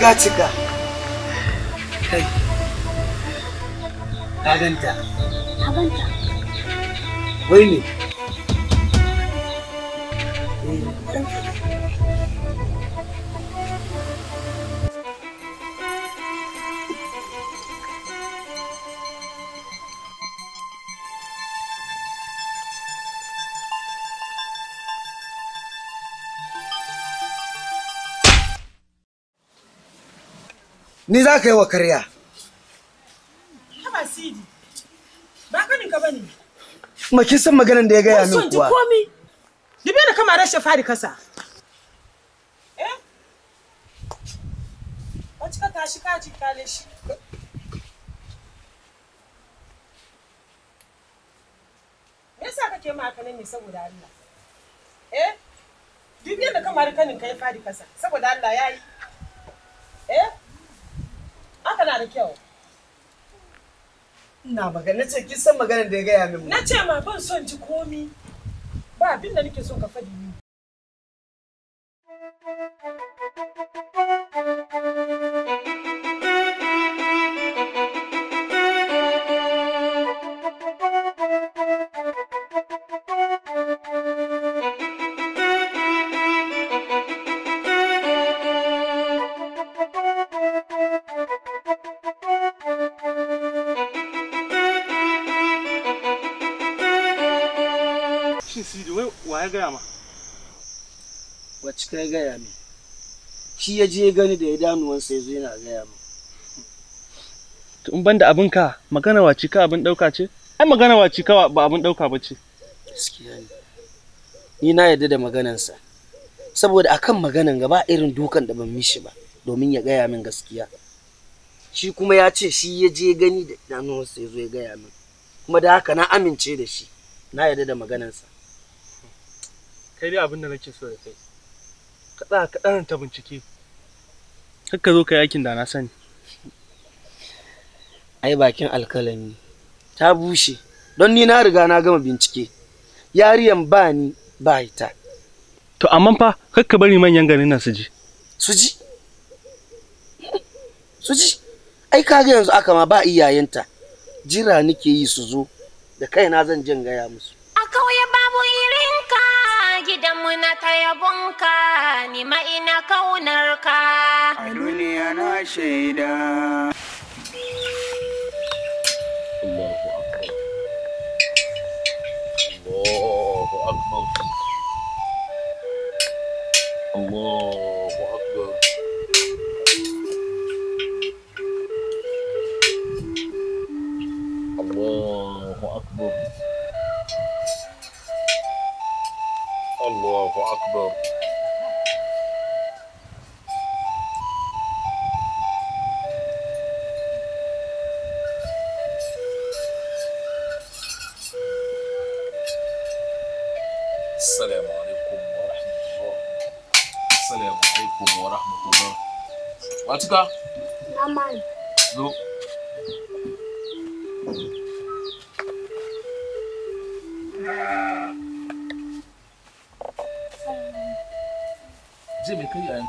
cika cika kai ka ganta ka ganta wai ne Ni za ka yi wa karya. Haba Sidi, ba kanin ka bane. Ma kin san maganar da ya gaya min kuwa. Kun ji komi. Dibe da kama rashin fari kasa. Eh? Wacce ka tashi ka ji kale shi. Me yasa kake ma haka ne saboda Allah? Eh? Duk da kamar kanin kai fari kasa saboda Allah yayi. Eh? haka na da kyau ina magana na ce kin san maganar da ya gaya min na ce ma ban son ji komi ba abin da nake so ka faɗi min Thank you. ya gaya min shi ya je gani da ya danuwansa ya zo yana gaya min to in banda abin ka magana wace ka abin dauka ce ai magana wace ka ba abin dauka ba ce gaskiya ne ni na yarda da maganansa saboda akan maganan gaba irin dukan da ban mishi ba domin ya gaya min gaskiya shi kuma ya ce shi ya je gani da idanuwansa ya zo ya gaya min kuma da haka na amince da shi na yarda da maganansa kai dai abin da nake so da kai kaɗa kaɗan ta bincike ka zo ka yi da na sani ai bakin alkalami ta bushe don ni na riga na gama bincike yariyan ba ni ba ita to amma fa kakka bari manyan garin nan su ji su ji su ji ai kaga yanzu aka ma ba iyayenta jira nake yi su zo da kaina zan jin gaya musu nuna ta yabonka ni ma ina kaunarka a duniya na shaida Allahu akbar Allahu akbar الله أكبر السلام عليكم ورحمة الله السلام عليكم ورحمة الله واتكا نعم لو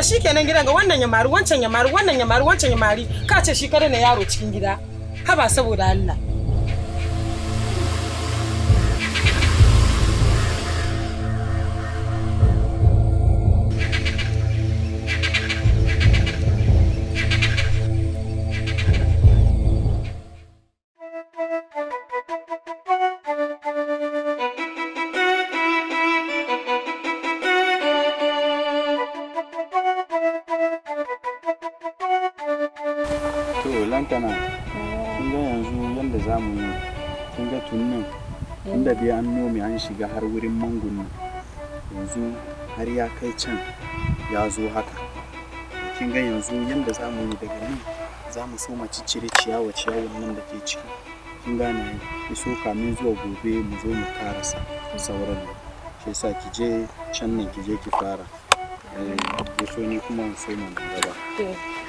ga shi kenan gidan ga wannan ya wancan ya wannan ya wancan ya ka ce shi kare na yaro cikin gida haba saboda Allah ne an shiga har wurin manguni yanzu har ya kai can ya zo haka kin ga yanzu yanda za yi daga nan za mu so mu cire ciyawa ciyawan nan da ke ciki kin gane ki so kamin zuwa gobe mu zo mu karasa sauran nan shi yasa ki je can nan ki je ki fara eh so ni kuma mu so mu gaba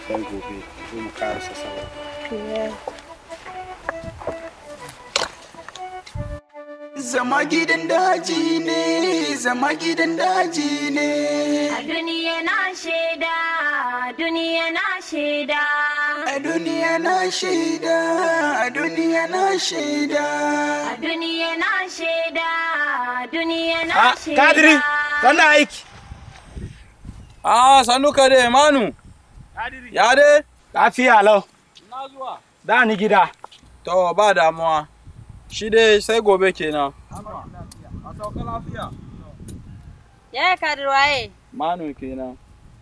sai gobe mu karasa sauran zama gidan daji ne zama gidan daji ne duniya na shaida duniya na shaida a duniya na shaida a duniya na shaida duniya na shaida duniya na shaida ah, kadiri sannan aiki a ah, sannu ka manu kadiri ya dai lafiya lau na zuwa da ni gida to ba damuwa Shi dai sai gobe kenan. A sauka lafiya. Ya yi kadir waye? Manu kenan.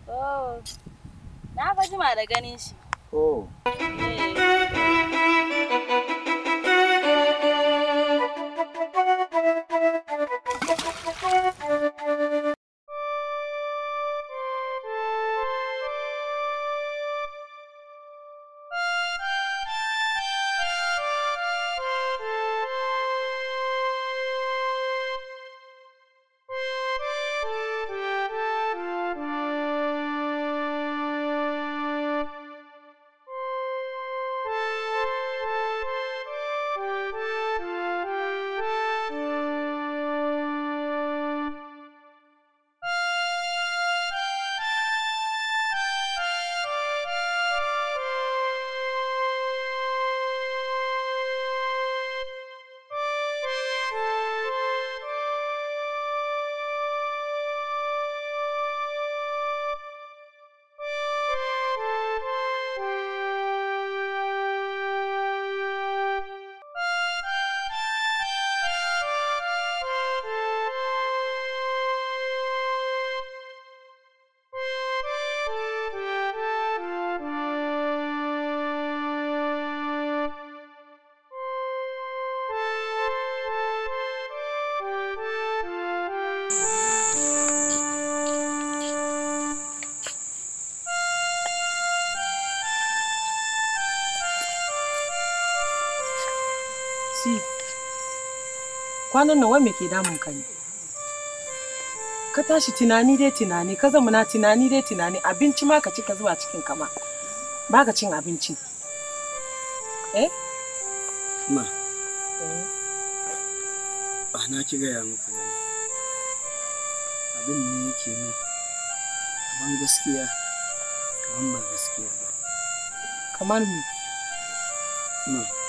Oh. na fa jima da ganin shi. Oh. Eh. Fati, kwanan nan wai me ke damun ka ne? Ka tashi tunani dai tunani, ka zama na tunani dai tunani, abinci ma ka ci ka zuba cikin kama. Ba ka cin abinci. Eh? Ma. Eh? Ba na ki gaya muku ba Abin ne yake min kaman gaskiya, kaman ba gaskiya ba. Kaman me? Ma.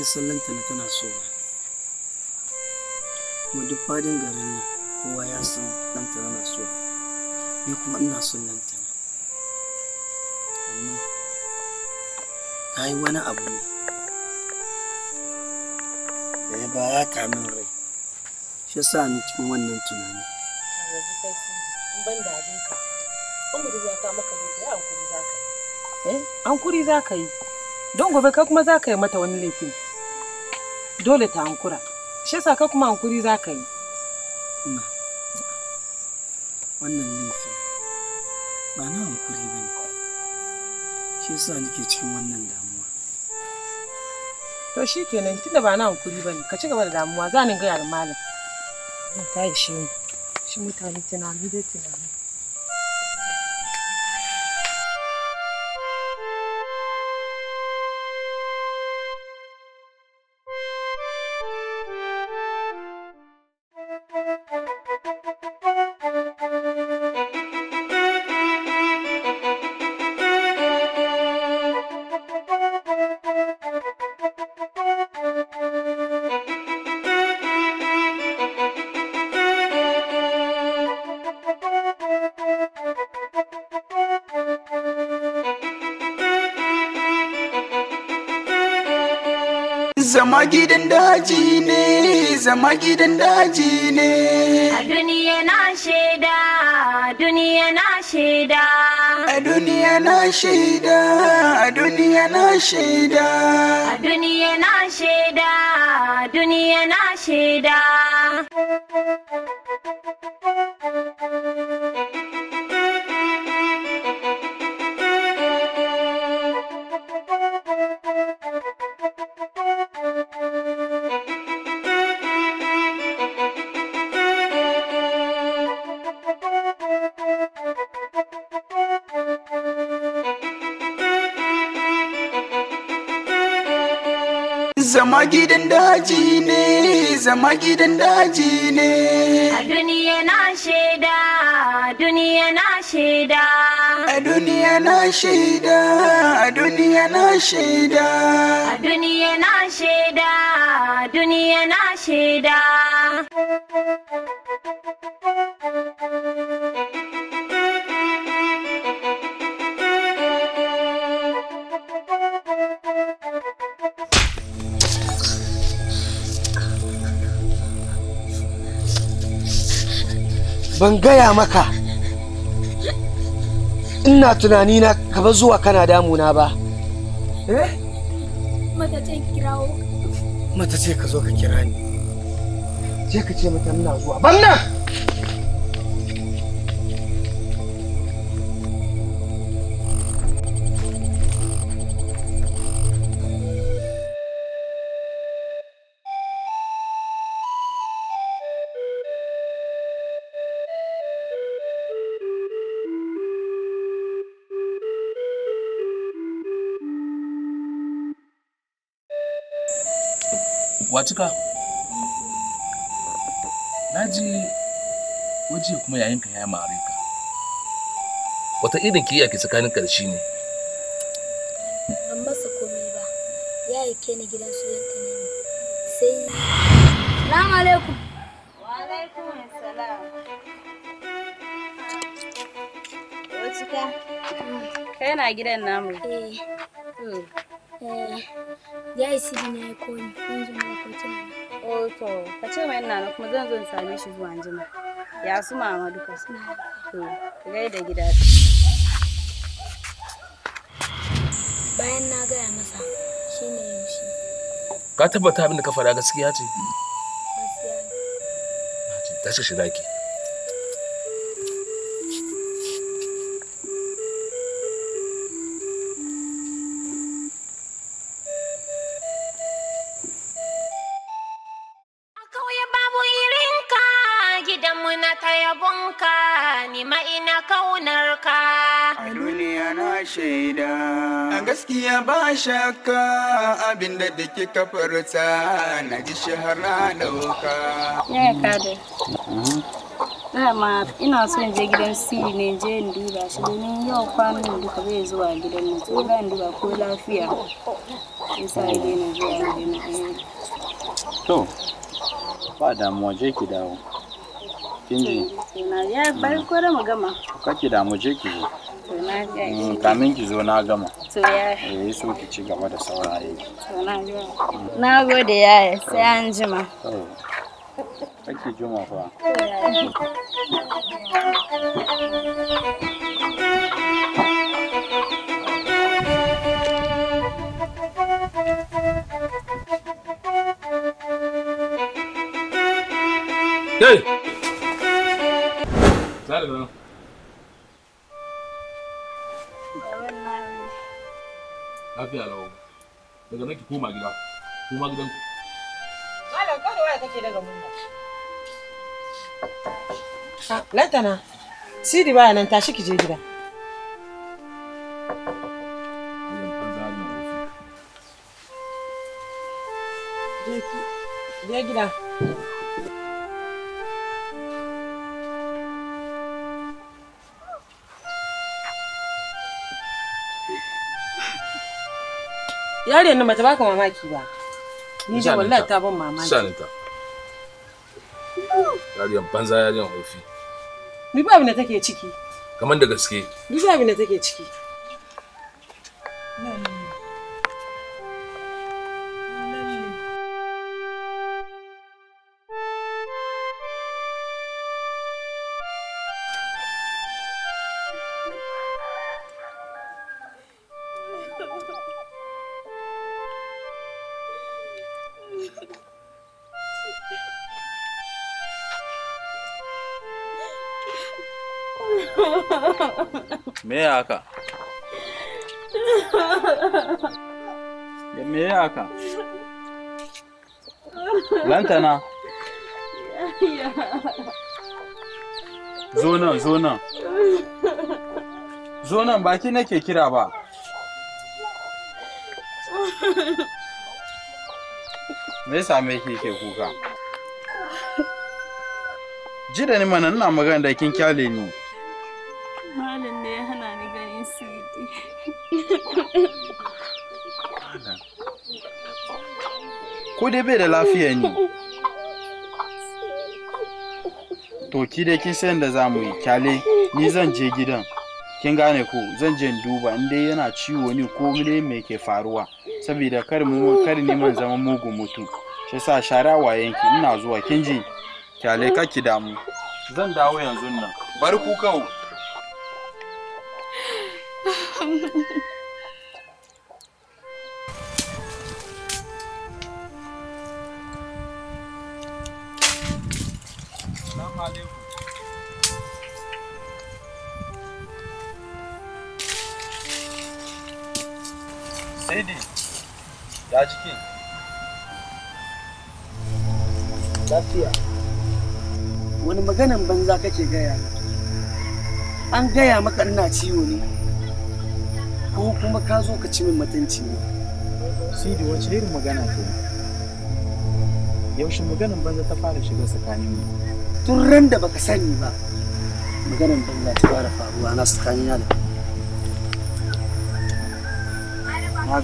bakin sallanta na tana so ba kuma duk fadin garin nan kowa ya san ɗanta na so ni kuma ina son nan na amma ta yi wani abu ne da ya ba ya kamin rai shi sa ni cikin wannan tunani yanzu kai in ban da abinka an gudu za ta maka laifi an kuri za ka yi eh an za ka yi don gobe kai kuma za ka yi mata wani laifin dole ta hankura shi yasa ka kuma hankuri za ka yi wannan laifin ba na hankuri ba ne shi yasa nake cikin wannan damuwa to shi kenan tunda ba na hankuri ba ne ka ci gaba da damuwa za ni gaya da malam ta yi shi shi mutane tunani dai tunani zama gidan daji ne zama gidan daji ne duniya na shaida duniya na shaida a duniya na shaida a duniya na shaida a duniya na shaida duniya na shaida zama gidan daji ne zama gidan daji ne duniya na shaida duniya na shaida a duniya na shaida a duniya na shaida a duniya na shaida duniya na shaida gaya maka ina tunani na kaba zuwa kana damuna ba eh mata ce ka zo ka kira ni je ka ce mata ina zuwa ban nan fatika na ji waje kuma yayinka ya mare ka wata irin kiyaye ke tsakanin karshe ne ban masa komai ba ya ke ni gidan su yanka ne sai salamu alaikum wa alaikum salam wacika hmm, kai na gidan namu eh hmm. Eh, ya isi na ya kone yanzu ma ko tuna oh to ka ce mai nana kuma zan zo in same shi zuwa jima. ya su mama duka su to ka da gida bayan na gaya masa shi ne yaushe ka tabbata abin da ka faɗa gaskiya ce gaskiya ta ce shi daki kaunarka a duniya na shaida a gaskiya ba shakka abinda da kika furta na ji shahara dauka ya kada dama ina son je gidan si ne je in duba shi domin yau kwanan duka bai zuwa gidan mu sai ba in duba ko lafiya yasa ya daina zuwa gidan mu to ba damuwa je ki dawo kin ji ya bar kwara mu gama kake da mu je ki zo mm, kamin ki zo na gama eh so ki ci gaba da sauraye na gode yaya sai an jima kake juma fa Hey! Sabe, lafiya lawo daga nan ki koma gida koma gidanku malam waya kake daga mun ah, lantana sidi baya nan tashi ki je gida gida. Yariyar nan bata baka mamaki ba. Ni da wallahi ta ban mamaki. Shaninta. Yariyar banza yariyar ofi. Ni ba abin da take ciki. Kamar da gaske. Ni ba abin da take ciki. me ya haka me ya haka lantana zo nan zo nan zo nan baki nake kira ba me ya same ki ke kuka ji da ni mana ina magana da kin kyale ni malam ne ya ko dai bai da lafiya ne to ki dai kin san da za mu yi kyale ni zan je gidan kin gane ko zan je duba in dai yana ciwo ne ko ne me ke faruwa saboda kar mu kar ni man zama mugun mutu shi yasa shara yanki ina zuwa kin ji kyale ka ki damu zan dawo yanzu nan bar kukan banza kake gaya an gaya maka ina ciwo ne ko kuma ka zo ka ci min mutunci ne sidi wace irin magana ke yaushe maganar banza ta fara shiga tsakanin mu tun ran da baka sani ba Maganar banza ta fara faruwa na tsakanin na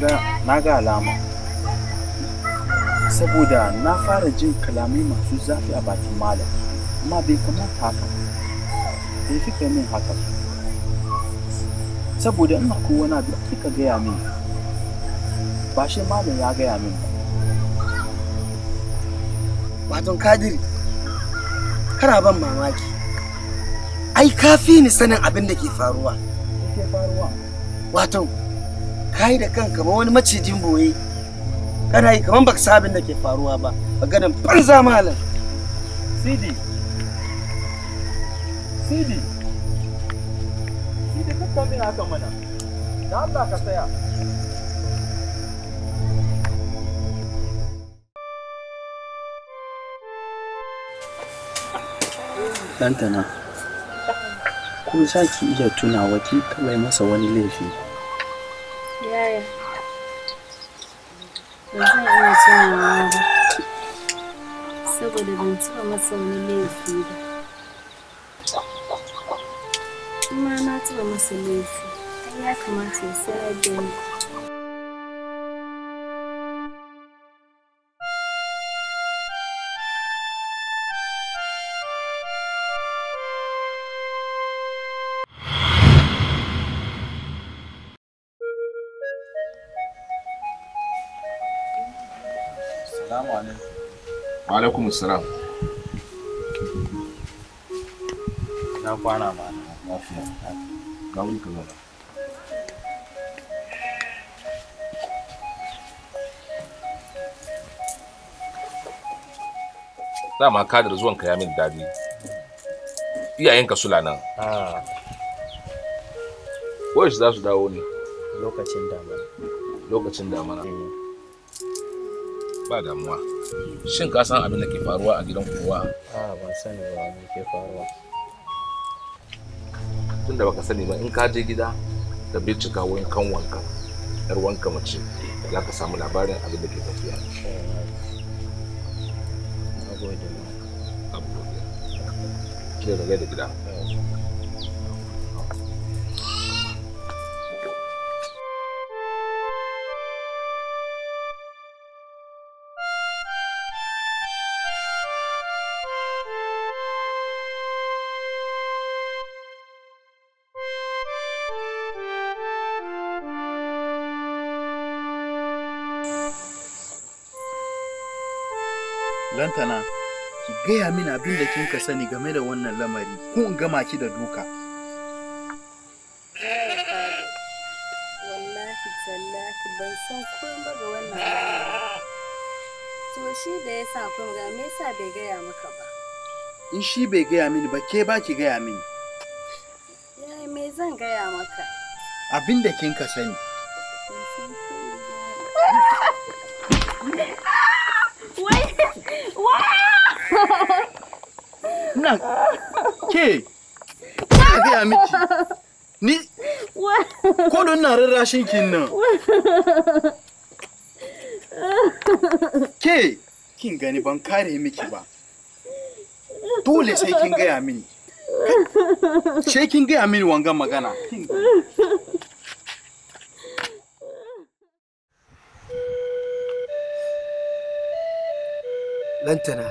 da na ga alama saboda na fara jin kalamai masu zafi a bakin malam amma bai kamata haka bai fi kai min haka saboda ina ko wani abu kika gaya min ba shi malam ya gaya min ba wato kadiri kana ban mamaki ai ka fi ni sanin abin da ke faruwa wato ka yi da kanka ba wani macijin boye kana yi kamar baka san abin da ke faruwa ba ba ganin banza malam sidi Sidi, ka kakkan bin haka mana, da Allah ka tsaya. tantana ko za ki iya tuna kin taɓa yi masa wani laifi? Yaya, ba zan iya tunawa ba, saboda ban taɓa masa wani laifi ba. na taɓa masa laifi ya kamata ya sanar da ni alaikum salam na kwana ma lafiya kawo ka zara dama kadar zuwanka ya min daɗi iyayenka sula nan ah. wai za su dawo ne lokacin damana lokacin damana eh. ba damuwa shin ka san abin da ke faruwa a gidan kowa a ah, ban sani ba me ke faruwa tunda baka sani ba in ka je gida ka bincika wankan wanka yar wanka mace za ka samu labarin abin da ke tafiya da gida lantana ki gaya mini abin da kin ka sani game da wannan lamari ko in gama ki da duka wallahi tallahi ban san komai ga wannan to shi da ya sa kun ga me yasa bai gaya maka ba in shi bai gaya mini ba ke ba ki gaya mini me zan gaya maka abin da kin ka sani wannan ke miki ni ko don na rarrashin ki nan ke kin gani ban kare miki ba dole sai kin gaya mini sai kin gaya mini wangan magana lantana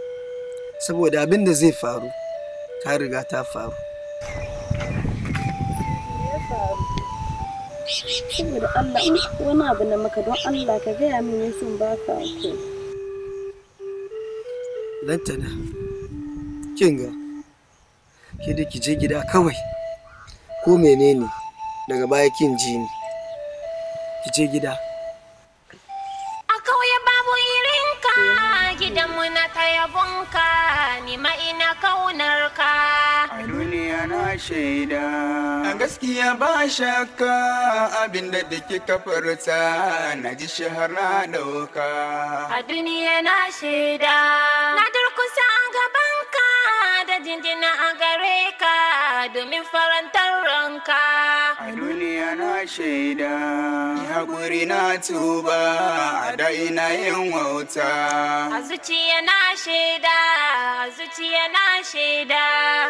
saboda abin da zai faru ta riga ta faru saboda Allah wani abu na maka don Allah ka gaya min ya sun ba ka ko lantana kin ga ke da ki je gida kawai ko menene daga baya kin ji ni ki je gida ina kaunar a duniya na shaida a gaskiya ba shakka abinda da kika kafarta, na ji shahara dauka a duniya na shaida na durkusa a gabanka da jinjina a gare ka domin farantar ranka. A duniya na shaida, haƙuri na tuba, a na yin wauta. A zuciya na shaida, a zuciya na shaida.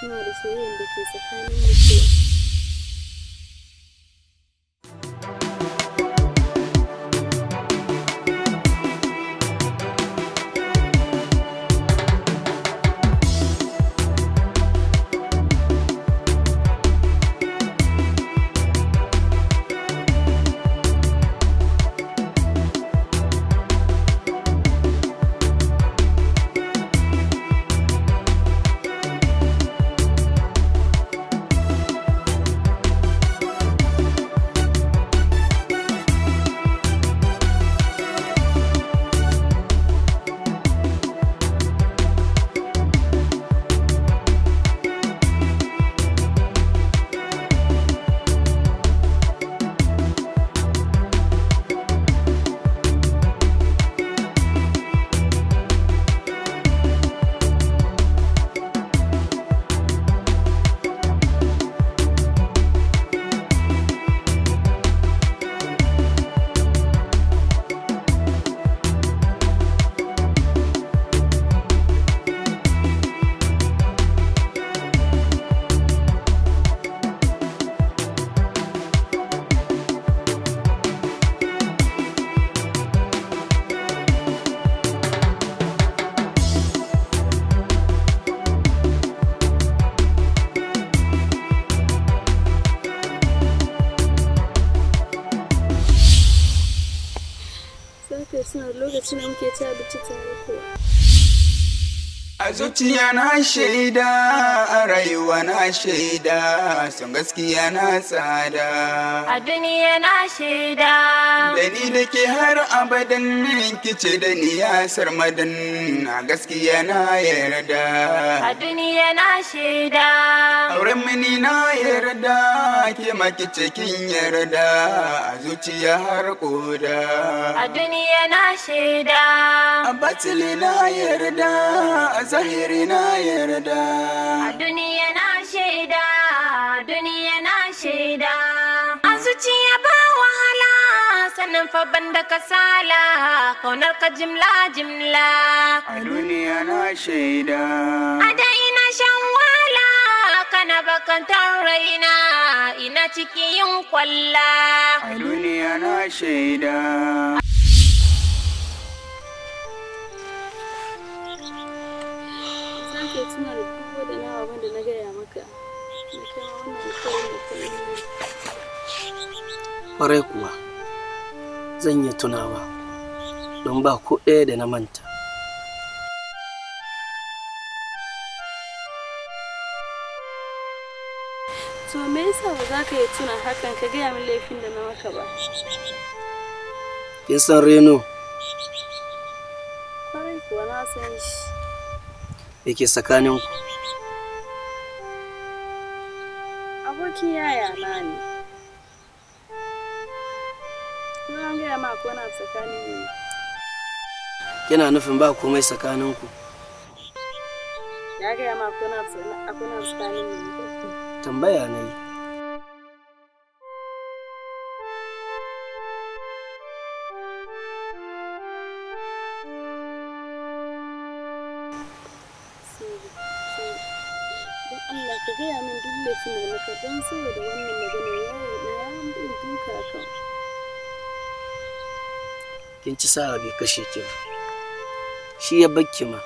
suna da soyayyar da ke tsakanin mutuwa A zuciya na shaida, a rayuwa na shaida, sun gaskiya na tsada. A duniya na shaida. Da ni da ke har abadan kice da ni ya sarmadan gaskiya na yarda a duniya na shaida auren mini na yarda ke maki cikin yarda a zuciya har koda a duniya na shaida a batili na yarda a zahiri na yarda a duniya na shaida duniya na shaida a zuciya wahala sannan fa banda kasala kaunar ka jimla jimla a duniya na shaida a da ina shan wala kana bakantar raina ina cikin yin kwalla a duniya na shaida Thank you. da na gaya maka kuma Kwarai kuwa, zan yi tunawa don ba ko ɗaya da na manta. To me yasa ba za ka yi tuna hakan ka gaya min laifin da na maka ba? Kin san Reno? Kwarai kuwa na san shi. Yake tsakaninku? Abokin yaya na ne. dama ko na tsakanin mu kina nufin ba komai tsakanin ku ya ga ma ko na tsakanin mu tambaya ne ka gaya min duk don saboda wannan magana ya yi na duka kan kin ci sa'a bai kashe ki ba shi ya bakki ma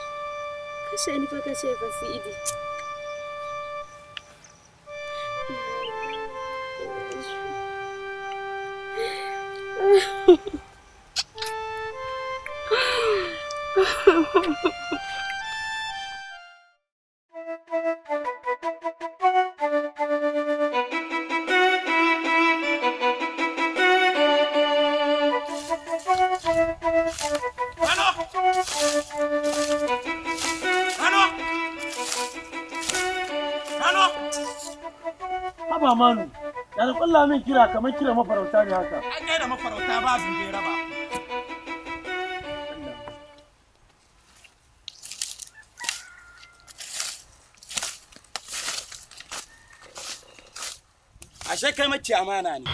kashe ni fa kashe ba su idi Ah min kira kamar kira mafarauta ne haka an gaida mafarauta ba su bera ba ashe kai mace amana ne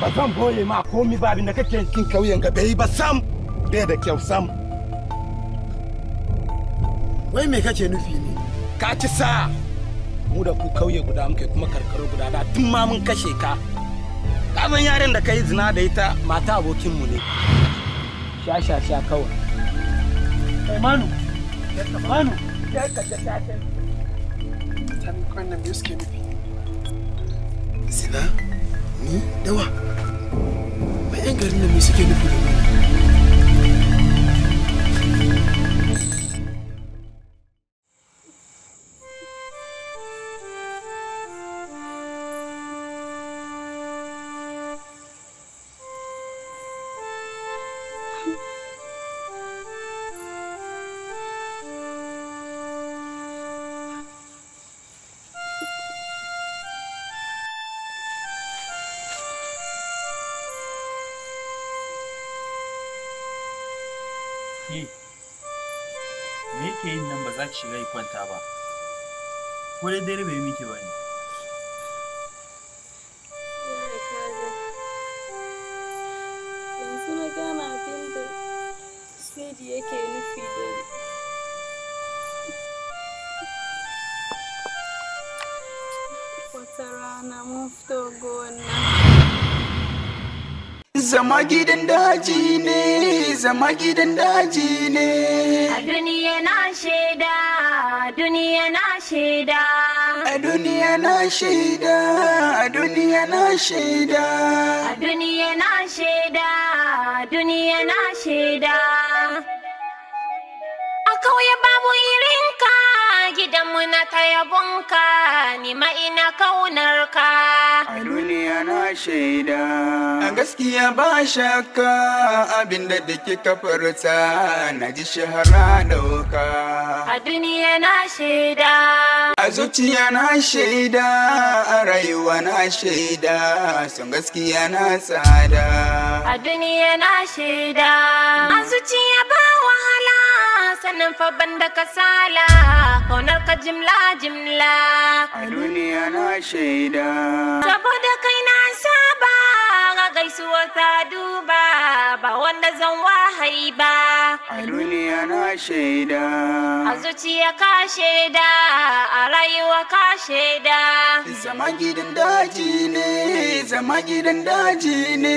ba zan boye ma komi ba abin da kake cikin kauyen ga bai ba sam bai da kyau sam wai me kake nufi ne ka ci sa mu da ku kauye guda muke kuma karkaro guda da tun ma mun kashe ka kasan yaren da ka zina da ita mata abokinmu ne sha sha sha kawai manu manu ya ka ta ta ta mutanen kwanan suke nufi zina ni dawa garin nan suke nufi ni shiga kwanta ba ko dai dare bai miki ba ne yanzu na yake nufi da wata rana mun gona Zama gidan daji ne, zama gidan daji ne. A shaida duniya na shaida a duniya na shaida a duniya na shaida a duniya na shaida duniya na shaida idan muna ta yabonka ni ma ina kaunarka a duniya na shaida a gaskiya ba shakka abinda da kika furta na ji shahara dauka a duniya na shaida a zuciya na shaida a rayuwa na shaida sun gaskiya na tsada a duniya na shaida a zuciya ba wahala sanin fa banda kasala kaunar ka jimla jimla a duniya na shaida saboda kai na saba ga gaisuwa ta duba ba wanda zan wahayi ba a duniya na shaida a zuciya ka shaida a rayuwa ka shaida zama gidan daji ne zama gidan daji ne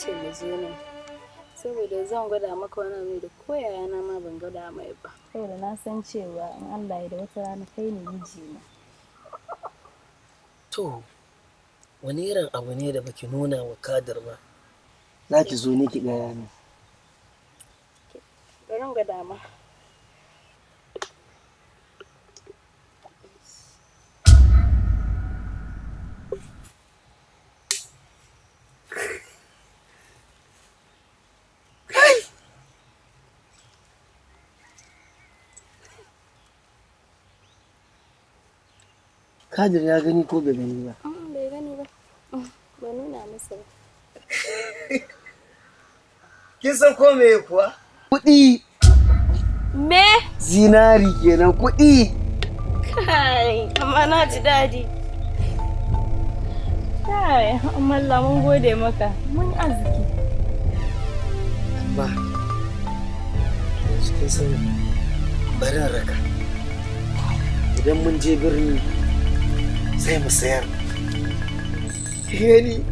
ce mu zo nan saboda zan gwada maka wani abu da ko yayana ma ban gwada mai ba saboda na san cewa in Allah ya da wata rana kai ne na to wani irin abu ne da baki nuna wa kadar ba za ki zo ne ki gaya ni bari gwada ma Kadir ya gani ko bai gani ba? Bai gani ba. Oh, ba nuna masa ba. Kin san ko me kuwa? Kuɗi. Me? Zinari kenan kuɗi. Kai, amma na ji daɗi. Kai, amma Allah mun gode maka. Mun arziki. Amma, cikin sani, barin raka. Idan mun je birni, sai mu yani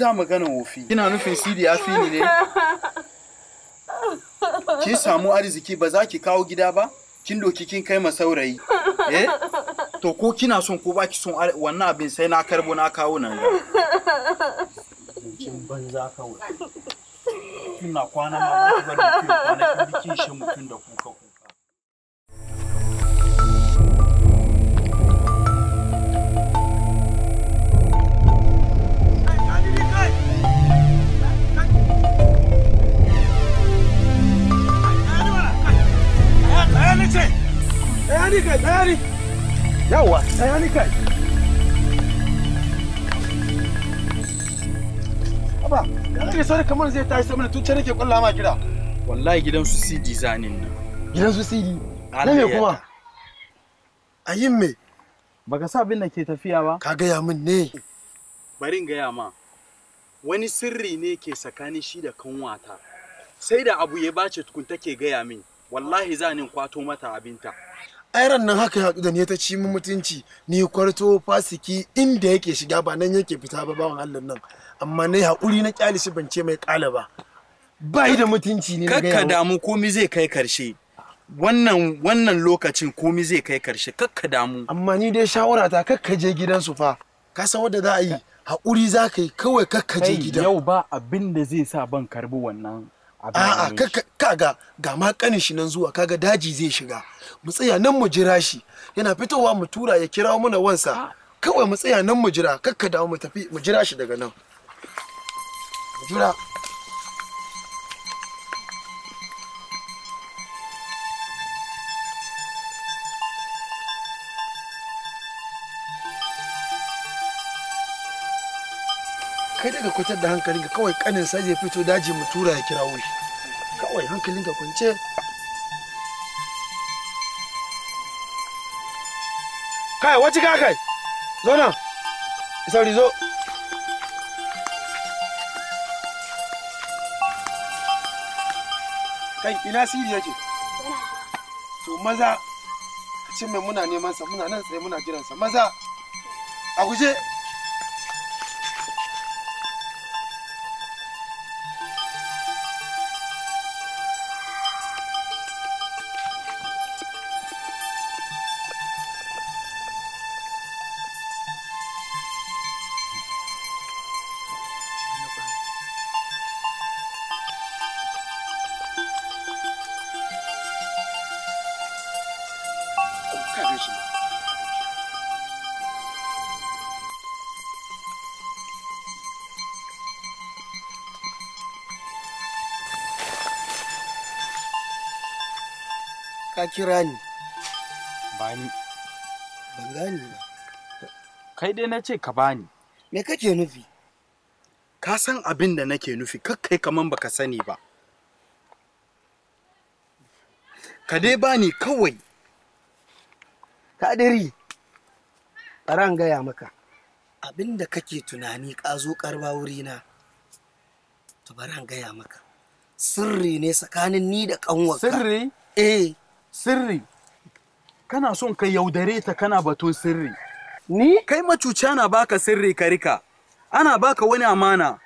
banza maganan wofi kina nufin sidi ya fini ne ki samu arziki ba za ki kawo gida ba kin doki kin kai masaurayi eh to ko kina son ko baki son wannan abin sai na karbo na kawo nan kin banza kawai kina kwana ma ba ki bari kin kwana kin mutun da ku ni kai tsaya ni yawa tsaya ni kai Aba, ya rage sauri kamar zai tashi sama tuce nake kwalla ma gida. Wallahi gidan su CD zanin nan. Gidan su CD? Na me kuma? A yin me? Baka sa abin da ke tafiya ba? Ka gaya min ne. Bari in gaya ma. Wani sirri ne ke tsakanin shi da kanwata. Sai da abu ya bace tukun take gaya min. Wallahi zanin kwato mata abinta. airan nan haka ya haɗu da ne ta ci min mutunci ni kwarto fasiki inda yake shiga ba nan yake fita ba bawan Allah nan amma ne haƙuri na kyale shi ban ce mai ƙala ba ba yi da mutunci ne ga kakka damu komi zai kai karshe wannan wannan lokacin komi zai kai karshe kakka damu amma ni dai shawara ta kakka je gidansu fa ka san wanda za a yi haƙuri za ka yi kawai kakka je gidan yau ba abin da zai sa ban karbi wannan a'a kaga ga ma kanin shi nan zuwa kaga daji zai shiga mu tsaya nan mu jira shi yana fitowa mu tura ya kirawo mana wansa ah. kawai mu tsaya nan mu jira kakka mu tafi mu jira shi daga nan mu jira ka kwatar da hankalinka kawai kanin sai zai fito daji mu tura ya kira wuri kawai hankalinka kwance kai wace ka kai zo nan sauri zo kai ina siri yake to maza a cin mai muna neman sa muna nan sai muna jiran sa maza a guje ka kira ni Ba ni. ban gani ba kai dai na ce ka bani me kake nufi ka san abin da nake nufi kai kaman baka sani ba ka dai bani kawai kadiri ran gaya maka abin da kake tunani ƙazo ƙarba wurina to ran gaya maka sirri ne tsakanin ni da ƙanwarka sirri eh sirri kana son ka yaudare ta kana batun sirri ni kai macuci ana baka sirri ka rika ana baka wani amana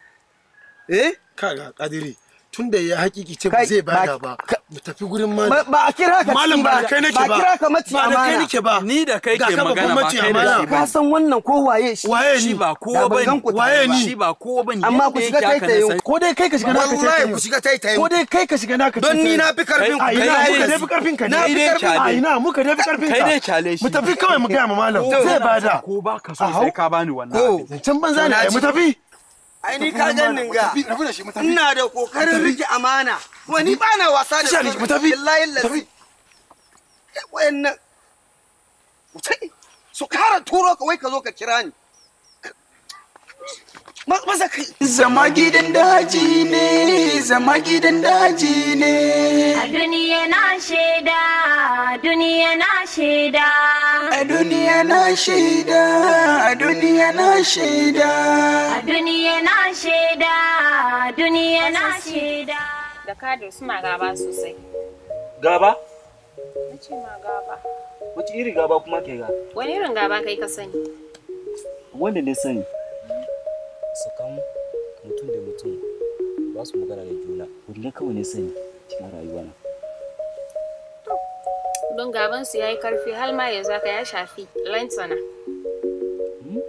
eh kaga kadiri tunda ya hakiki ce ba zai bada ba mu tafi gurin malam ba a kira ka malam ba kai nake ba ba kira ka mace amana ba kai nake ba ni da kai ke magana ba kai da ka san wannan ko waye shi waye ni ba ko bane waye ni shi ba ko bane amma ku shiga kai tayi ko dai kai ka shiga naka tai ku shiga tayi tayi ko dai kai ka shiga naka don ni na fi karfin ku ina muka dai fi karfin ka na fi karfin ka ina muka dai fi karfin ka kai dai chale shi mu tafi kawai mu ga malam zai bada ko ba ka so sai ka bani wannan can banza ne mu tafi ai ni ka ganin ga ina da kokarin riki amana kuma ni bana wasa da shi mu tafi wallahi lazi wayannan su kara turo ka wai ka zo ka kira ni Zama gidan daji ne, zama gidan daji ne. A duniya na shaida, a duniya na shaida. A duniya na shaida, a duniya na shaida. A duniya na shaida, duniya na shaida. Da kadin suna gaba sosai. Gaba? Nace ma gaba. Wace irin gaba kuma ke ga? Wani irin gaba kai ka sani? Wanda ne sani. sakan mutum da mutum ba su magana da juna wannan kawai ne sani cikin rayuwa na don gaban su yayi karfi har ma yanzu haka ya shafi lantana hmm?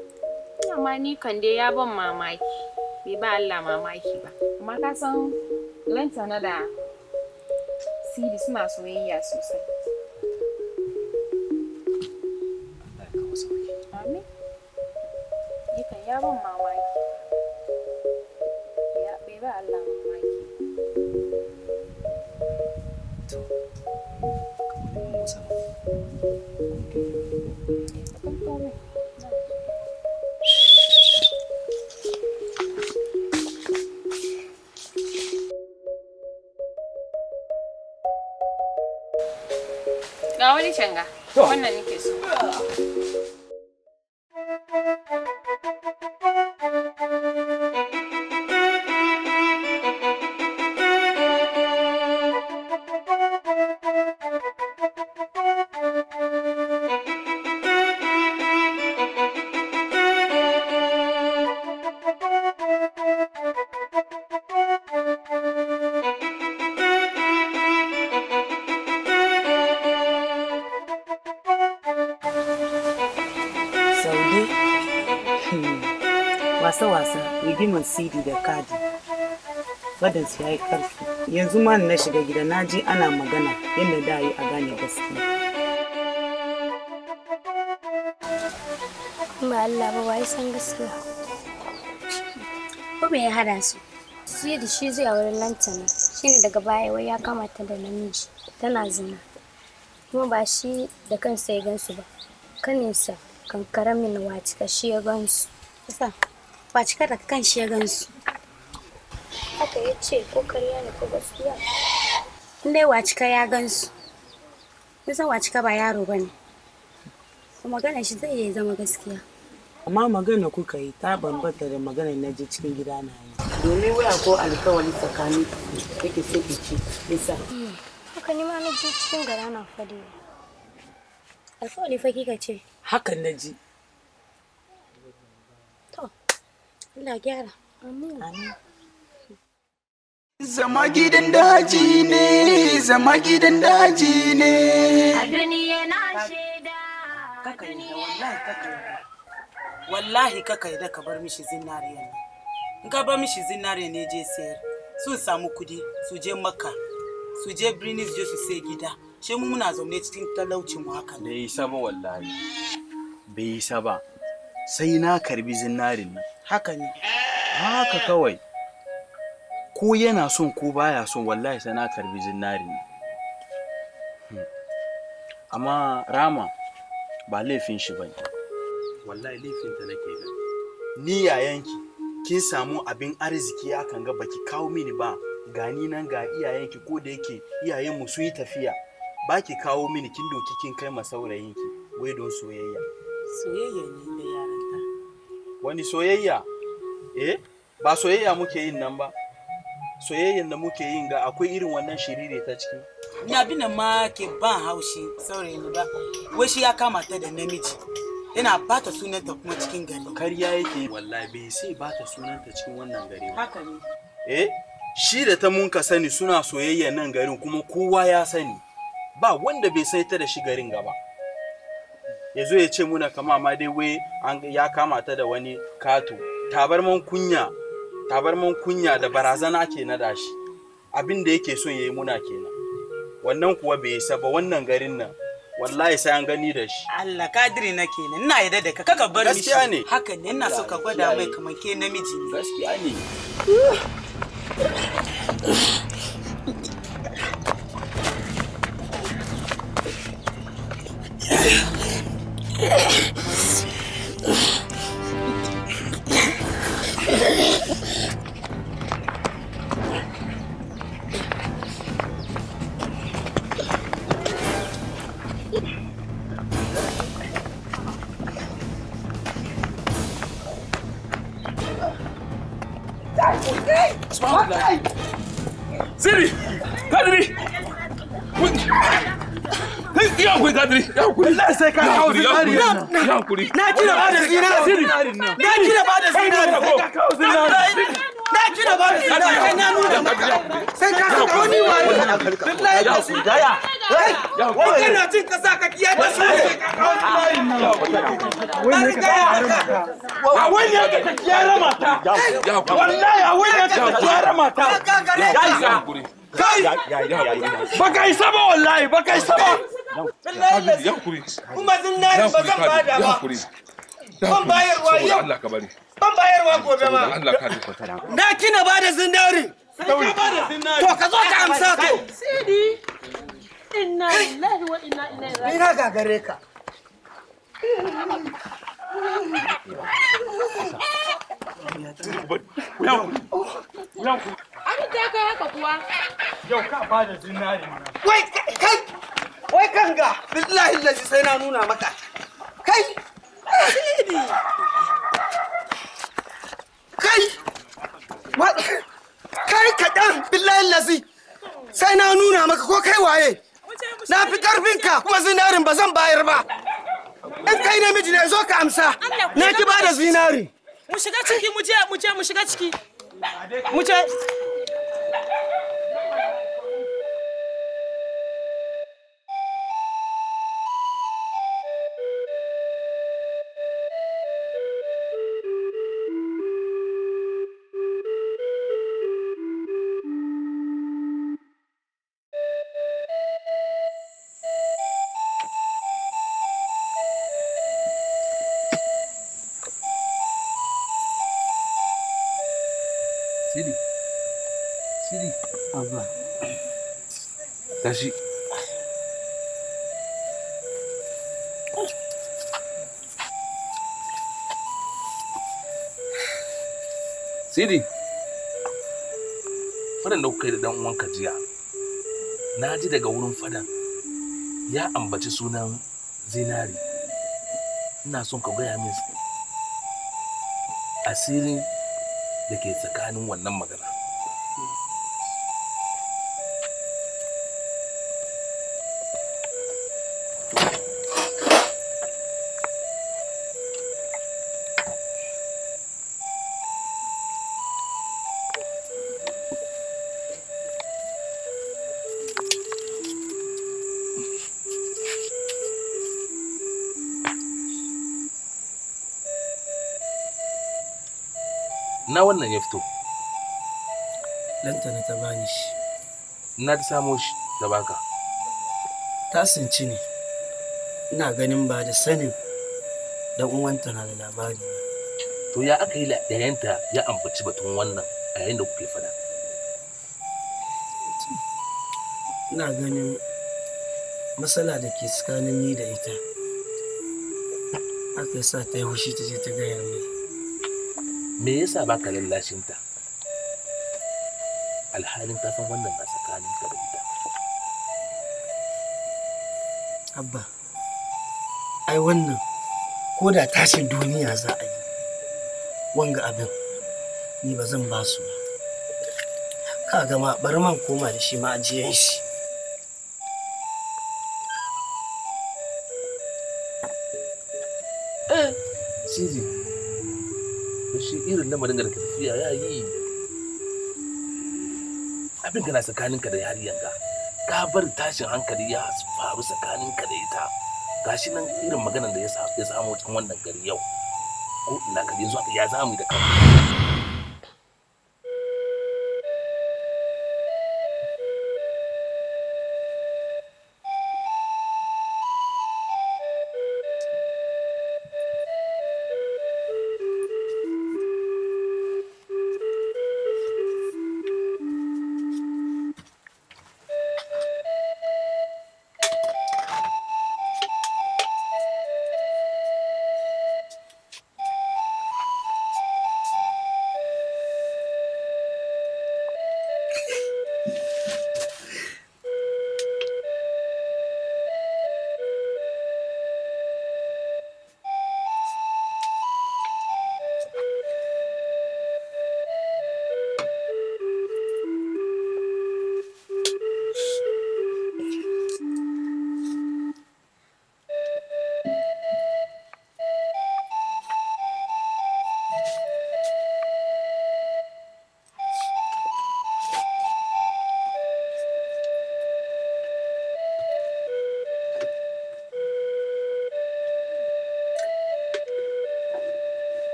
amma ni kan dai ya ban mamaki bai ba Allah mamaki ba amma ka san lantana da sidi suna soyayya sosai Amin. Yakan ya ban mamaki. mai ba Allah mamaki to kamar musa ga wani canga wannan nake so cd da kadi ya yi karfi yanzu ma na shiga gida na ji ana magana yadda da yi a gane gaskiya kuma Allah ba wai san gaskiya ko me ya hada su yi da shi zai wurin lantana ne daga baya wai ya kamata da namiji tana zina kuma ba shi da kansa ya gansu ba kaninsa kankara min wa cika shi ya gansu kwaci kada ka kan shi ya gansu haka ya ce ko karya ne ko gaskiya in dai ka ya gansu Ni san ka ba yaro ba ne kuma magana shi zai iya zama gaskiya amma magana kuka yi ta bambanta da magana na je cikin gida na yi domin waya ko alkawari tsakanin yake sai bici nisa haka ni ma na je cikin gara na fadi alkawari fa kika ce hakan na ji Allah gyara. Zama gidan daji ne, zama gidan daji ne. duniya na shaida. Kakai wallahi kakai da. Wallahi kakai da ka bar mishi zinariya ne. In ka bar mishi zinariya ne je sayar. Sun samu kudi su je makka, su je birni su je su sai gida. Shi mu muna zaune cikin talaucin mu haka. Bai yi saba wallahi. Bai yi saba. sai na karbi zinarin nan haka ne haka eh. kawai ko yana son ko baya son wallahi sai na karbi zinarin nan hmm. amma rama ba laifin shi bane wallahi laifin ta nake ga ni yayanki kin samu abin arziki ya kan ga baki kawo mini ba gani nan ga iyayenki ko da yake iyayenmu su yi tafiya baki kawo mini kin doki kin kai ma saurayinki wai don soyayya soyayya ne da wani soyayya eh ba soyayya muke yin nan ba soyayyan da muke yin ga akwai irin wannan shirire ta ciki ina bi nan ma ke ban haushi saurayi ni ba wai shi ya kama ta da namiji yana ba ta sunanta kuma cikin gari karya yake wallahi bai sai ba ta sunanta cikin wannan gari haka ne eh shi da ta mun ka sani suna soyayya nan garin kuma kowa ya sani ba wanda bai sai ta da shi garin gaba ya zo ya ce muna kama ma dai wai ya kama ta da wani kato tabarman kunya tabarman kunya da barazana ke na dashi abin da yake son ya yi muna kenan wannan kuwa bai isa ba wannan garin nan wallahi sai an gani da shi Allah kadiri na kenan ina yarda da ka kaka bar mishi gaskiya ne haka ne ina so ka gwada mai kamar ke namiji ne gaskiya ne ka na kira ba da zinari na kira ba da zinari na kira ba da zinari sai na nuna maka sai ka san ko ni wani billahi ya su daya ko kana cin kasa ka kiya da su na riga ya haka a wani ya ka kiyara mata wallahi a wani ya ka kiyara mata kai baka isa ba wallahi baka isa ba habibi ya hakuri kuma zinari ba zan bada ba ban bayarwa yau Allah ka bari ban bayarwa gobe ma Allah ka ta na kina bada zinari to ka zo ka amsa to sidi inna lillahi wa inna ilaihi raji'un ka An ta kai haka kuwa. Yau ka Wai kai wai kanga billahi lazi sai na nuna maka kai kai kai ka dan billahi lazi sai na nuna maka ko kai waye na fi karfin ka kuma zinarin ba zan bayar ba in kai namiji ne zo ka amsa na ki ba da zinari mu shiga ciki mu je mu je mu shiga ciki mu je Siri, abba tashi Siri, fadan da kuka yi da dan uwanka jiya na ji daga wurin fadan ya ambaci sunan zinari ina son ka gaya min asirin da ke tsakanin wannan magana wannan ya fito lantana ta bani shi na ta samo shi da baka tasinci ne ina ganin ba da sanin dan uwanta na da labari to ya aka yi ɗayanta ya ambaci batun wannan a yayin da kuke fada ina ganin matsala da ke tsakanin ni da ita aka sa ta yi hushi ta je ta gaya mai me yasa ba ka lallashin ta alhalin ta san wannan ba tsakanin ka da abba ai wannan ko da tashin duniya za a yi wanga abin ni ba zan ba su ba ka gama bari man koma da shi ma ajiyan shi mu dinga da tafiya ya yi abin kana tsakaninka da yariyanka ka bar tashin hankali ya faru tsakaninka da ita gashi nan irin maganar da ya samu cikin wannan gari yau ko ina ka yanzu ya zamu da kanka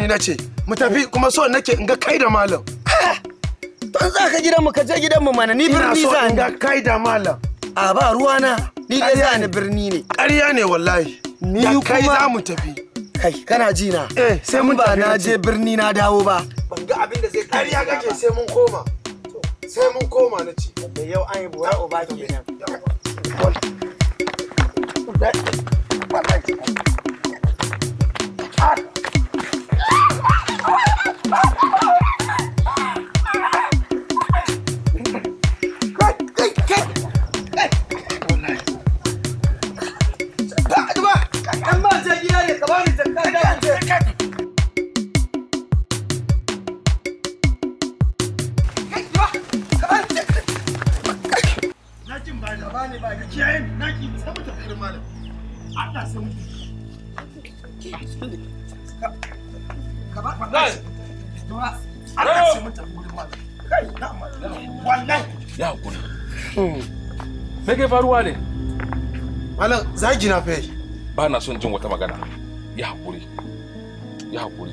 ni na ce mu tafi kuma so nake in ga kai da malam don za ka gidan mu ka je gidan mu mana ni birni za ni ga kai da malam a ba ruwa na ni da za ni birni ne ƙarya ne wallahi ni kuma kai za mu tafi kai kana ji na eh sai mun ba na je birni na dawo ba ban ga abin da zai ƙarya kake sai mun koma sai mun koma na ce da yau an yi buwa uba kenan Ah! faruwa ne? Malam zagi na fa Ba na son jin wata magana. Ya hakuri. Ya hakuri.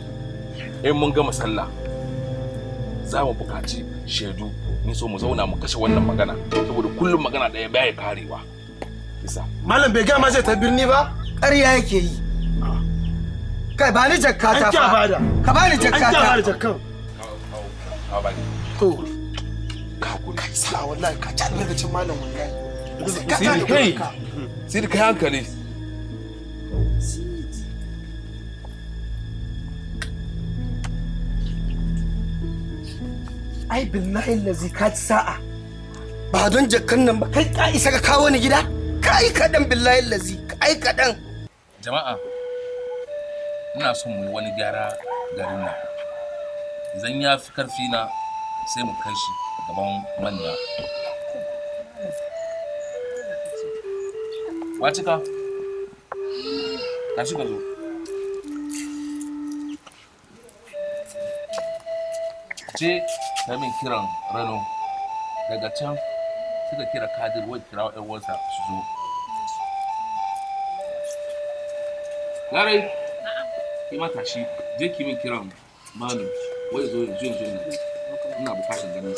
In mun gama sallah za mu buƙaci shaidu ni so mu zauna mu kashe wannan magana saboda kullum magana ɗaya baya karewa. Isa. Malam bai gama zai ta birni ba? Ƙarya yake yi. Kai ba ni jakka ta fa. Ka ba ni jakka ta. An jakka. Ka ba ni. To. Ka hakuri. Ka wallahi ka ci cin malam wallahi. Sidi kai Sidi kai hankali ai billahi lazi ka ci sa'a ba don jakan nan ba kai ka isa ka kawo ni gida kai kaɗan billahi lazi kai kaɗan jama'a ina son mu wani gyara garin nan idan ya fi karfi na sai mu kai shi gaban manya wace ka zo ta min kiran rano daga can suka kira kadir wai kira yan su zo tashi kiran malam ina bukatar ganin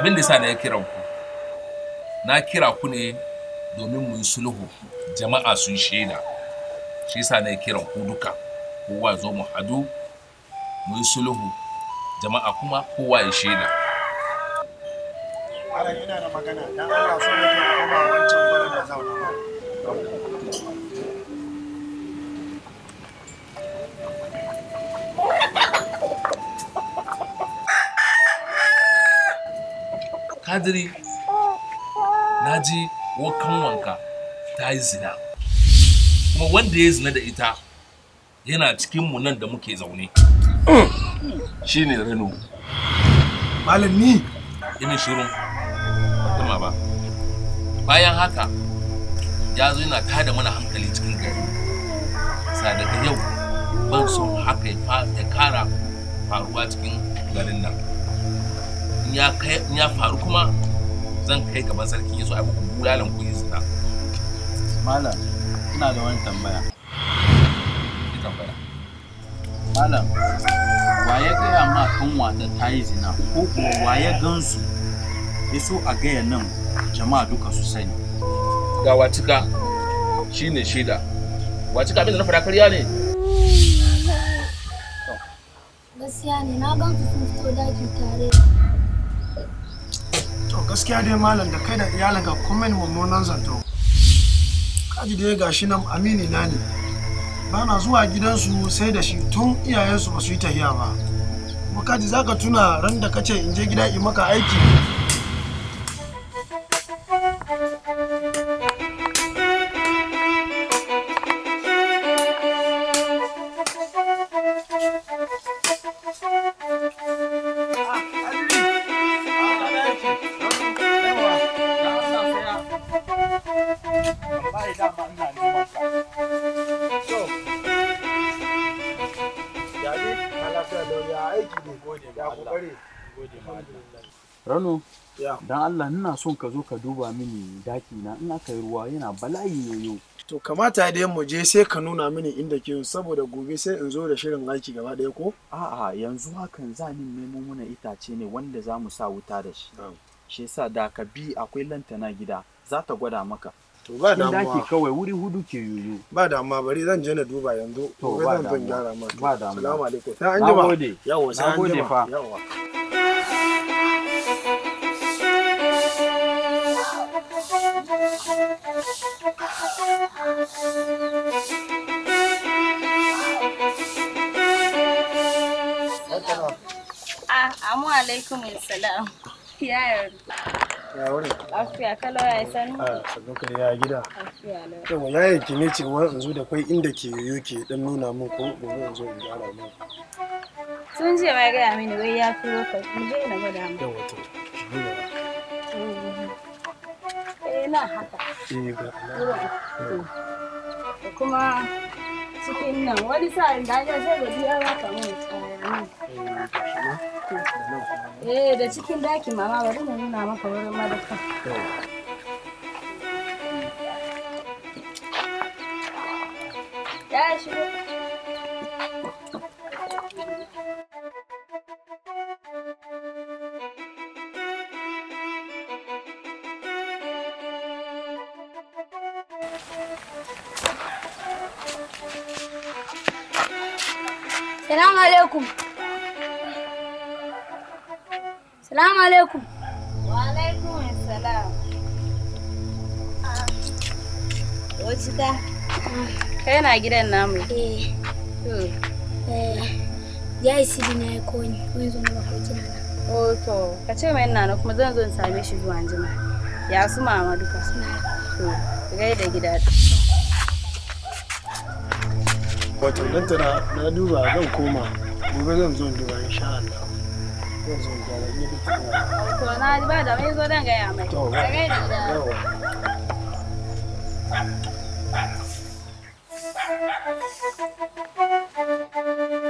abin da sa na kira ku na kira ku ne domin mun sulhu jama'a sun shaida shi sa na kira ku duka kowa zo mu hadu mu yi sulhu jama'a kuma kowa ya shaida Malam yana da magana dan Allah so nake kuma wancan gurin da zauna kadiri na ji wakan wanka ta yi zina kuma wanda ya zina da ita yana cikin mu nan da muke zaune shi ne rano malami ina shirin kuma ba bayan haka ya zo yana tada mana hankali cikin gari sadaka yau ban so haka ya kara faruwa cikin garin nan ya ya faru kuma zan kai gaban sarki yaso a buku bulalan ku yi zina. malam ina da wani tambaya ki tambaya malam waye gaya ma kan wata ta yi zina ko kuwa waye gansu so a gaya nan jama'a duka su sani ga Shi shine shaida wacika abin da na faɗa karya ne gaskiya ne na gan su sun fito daji tare gaskiya dai malam da kai da iyalinka kun mini mummunan zato kaji dai gashi nan amini na ne bana zuwa gidansu sai da shi tun iyayensu ba su yi tahiya ba kuma kaji zaka tuna ran da ce in je gida in maka aiki dan Allah ina son ka zo ka duba mini daki na in aka yi ruwa yana bala'i yoyo to kamata dai mu je sai ka nuna mini inda ke saboda gobe sai in zo da shirin aiki gaba ɗaya ko a'a yanzu hakan za ni nemo mana itace ne wanda za mu sa wuta da shi shi yasa da ka bi akwai lantana gida za ta gwada maka to ba damuwa daki kawai wuri hudu ke yoyo ba damuwa bari zan je na duba yanzu to ba damuwa ba damuwa assalamu alaikum sai an jima yawa sai an jima yawa alaikum salam. Ya yarda. Ya wuri. Lafiya kalau ya san. Ah, sannu ka ya gida. lau. ne cewa in da kwai inda ke yoyo ke dan nuna min ko gobe in in gyara min. Sun ce ma gaya mini wai ya fi roka mu je na gwada mu. Eh na haka. Eh, Kuma cikin nan wani sa'in da ya sai godiya tsaya. Eh da cikin dakin mama bari mu nuna maka wurin madafa. Ya shigo. Salamu alaikum. Salamu alaikum. Wa alaikum salam. Wace ta? Kai na gidan namu. Eh. Eh. Ya isi dina ya koni, wani zo na bakwai na. Oh ka ce mai nana kuma zan zo in same shi zuwa anjima. Ya su mama duka. Suna. To, gai da gida. watan dan tana na duba zan koma gobe zan zo duba insha Allah zan zo na ba da mai zo dan ga ya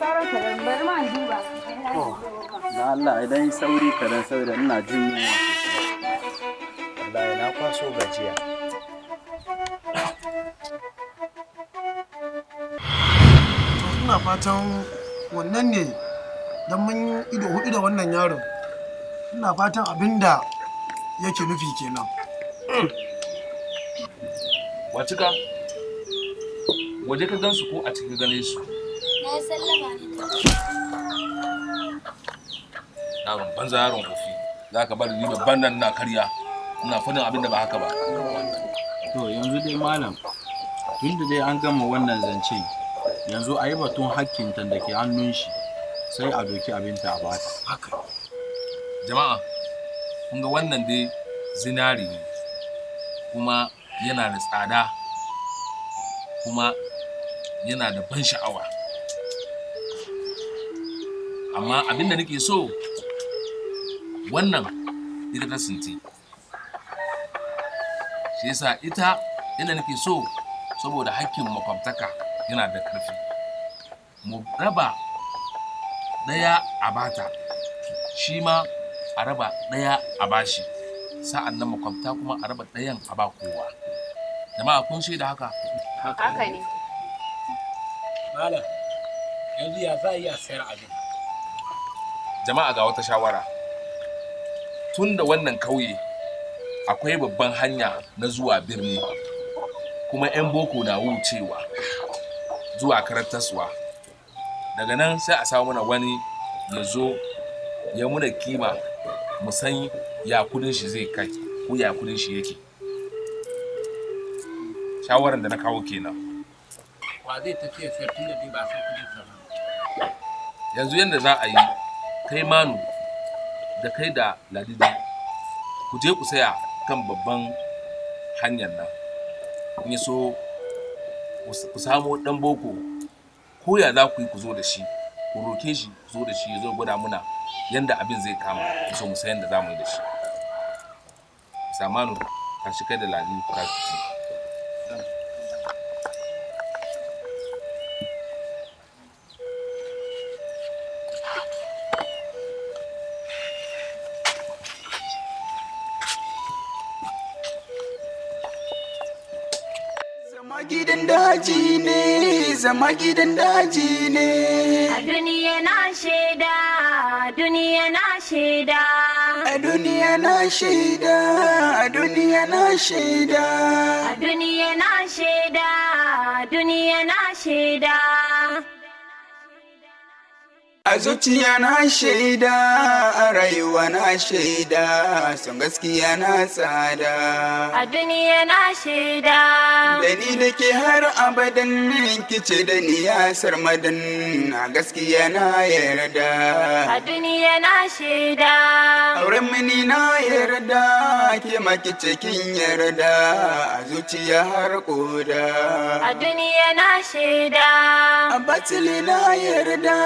sauran ka dan bari ma duba. Da Allah idan sauri ka dan saboda ina jin yi Wallahi na kwaso gajiya. Ina fatan wannan ne don mun ido hudu da wannan yaron. Ina fatan abinda yake nufi kenan. Wacika, waje ka gansu ko a cikin ganin su? ya sallama ne yaron kofi za ka bari ni babban nan na karya ina fadin abin da ba haka ba to yanzu dai malam tunda dai an gama wannan zance yanzu a yi batun hakkinta da ke hannun shi sai a doki abin a bata haka jama'a kun ga wannan dai zinari ne kuma yana da tsada kuma yana da ban sha'awa amma abin da nake so wannan ita ta sinti shi yasa ita inda nake so saboda hakkin makwabtaka yana da ƙarfi mu raba ɗaya a bata shi ma a raba ɗaya a bashi sa'an nan makwabta kuma a raba ɗayan a ba kowa jama'a kun shaida haka haka ne malam yanzu ya za a iya sayar abin jama'a ga wata shawara tun da wannan kauye akwai babban hanya na zuwa birni kuma 'yan boko na wucewa zuwa karantarsuwa daga nan sai a samu mana wani ya zo ya muna kima mu san ya kudin shi zai kai ko ya kudin shi yake shawaran da na kawo kenan wa zai tafiya sai tun da ba sai kudin sa yanzu yadda za a yi kai manu da kai da ladidi ku je ku saya kan babban hanyar nan in so ku samo dan boko ko ya za ku yi ku zo da shi ku roke shi ku zo da shi ya zo gwada muna yanda abin zai kama so mu san yanda za mu yi da shi samanu ka shi kai da ladi ka ci zama gidan daji ne a duniya na shaida duniya na shaida a duniya na shaida a duniya na shaida a duniya na shaida duniya na shaida a zuciya na shaida a rayuwa na shaida son gaskiya na tsada a duniya na shaida da ni da ke har abadan ce da ni ya sarmadan na gaskiya na yarda a duniya na shaida auren mini na yarda ke maki cikin yarda a zuciya har koda a duniya na shaida a batili na yarda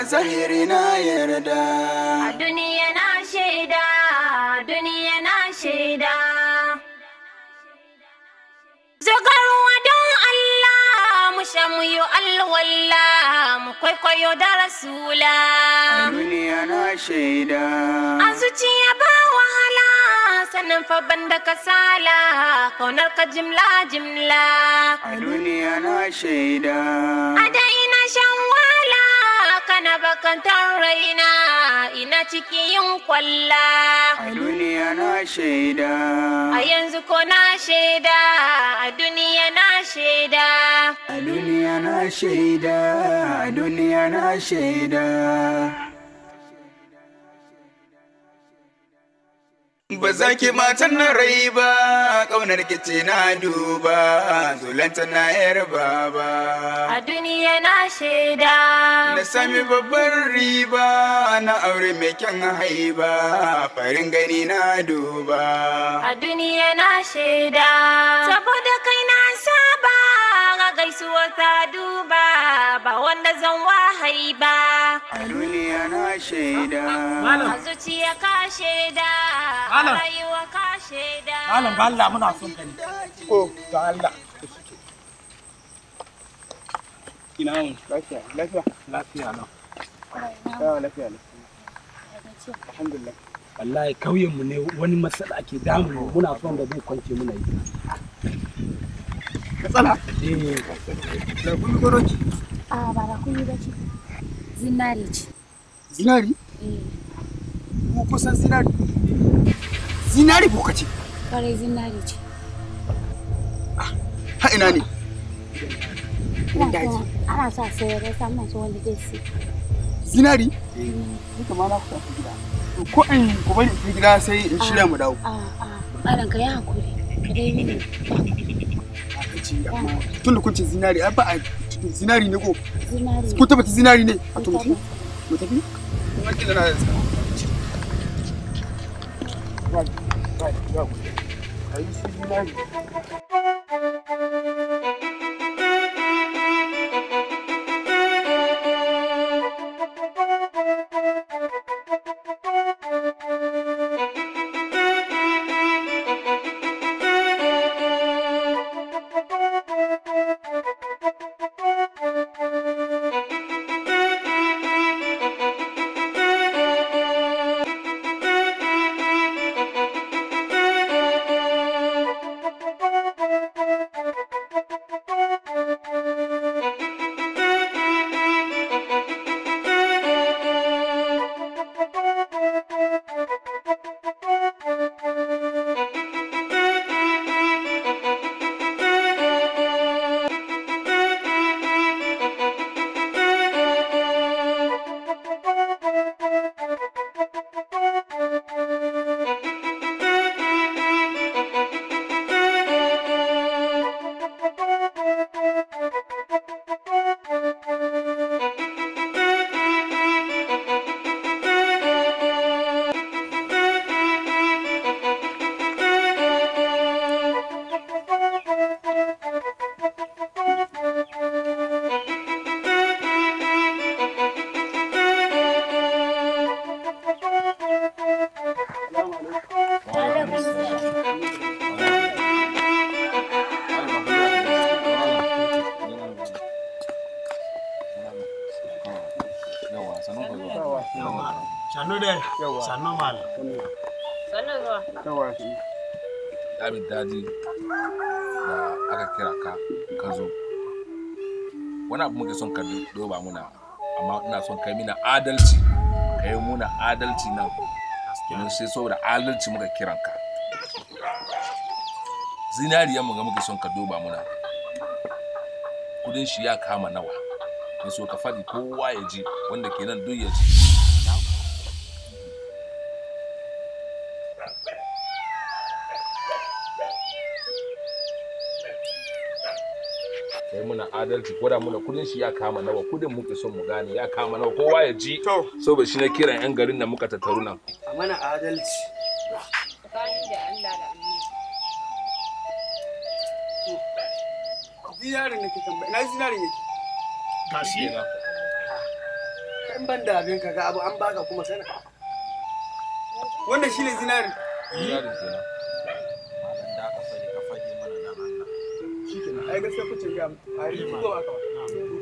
a zahiri na yarda a duniya na shaida duniya na shaida Zogar wadon sha mu yi alwala mu kwaikwayo da rasula a duniya na shaida a zuciya ba wahala sannan fa banda kasala kaunar ka jimla jimla a duniya na shaida a da ina shan na bakantar raina ina cikin yin kwalla. A duniya na shaida. A yanzu ko na shaida, a duniya na shaida. A duniya na shaida, a duniya na shaida. Ba za ki matan na rai ba, ƙaunar kici na duba, zulanta na yar baba. A duniya na shaida. Na sami babbar riba, na aure mai kyan haiba, farin gani na duba. A duniya na shaida. Saboda ta duba ba wanda zan wahayi ba a duniya na shaida a zuciya ka shaida a rayuwa ka shaida malam ba Allah muna son ka ne ko ga Allah ina mun lafiya lafiya lafiya na lafiya lafiya alhamdulillah wallahi kauyen mu ne wani matsala ake damu muna son da zai kwance muna yi Katsala. Eh. Da A ba da ba Zinari ce. Zinari? Eh. kusan zinari? Zinari ko kace? Kare zinari ce. Ha ina ne? Ana sa wanda zai Zinari? Duka ma na ku gida. Ko in ku bari gida sai in shirya mu dawo. A'a. Aranka ya hakuri. Ka dai ne. aka ce amma tun da zinari ba a zinari ne ko ku tabbata zinari ne a to mutum mutum kuma kila na you sannu malam daji da aka kira ka ka zo wani abu muke son ka doba muna amma ina son kai mina adalci ka yi muna adalci nan domin sai saboda adalci muka kiran ka zinariya mu ga muke son ka doba muna kudin shi ya kama nawa na so ka faɗi kowa ya ji wanda kenan duk ya ji adalci ko da muna kudin shi ya kama nawa kudin muke son mu gane ya kama nawa kowa ya ji so ba shi na kiran yan garin da muka tattaru nan a mana adalci tsakanin da Allah da Annabi zinarin nake tambaya na zinarin yake kashi na kan ban da abin kaga abu an baka kuma sana wanda shi ne zinari zinari kenan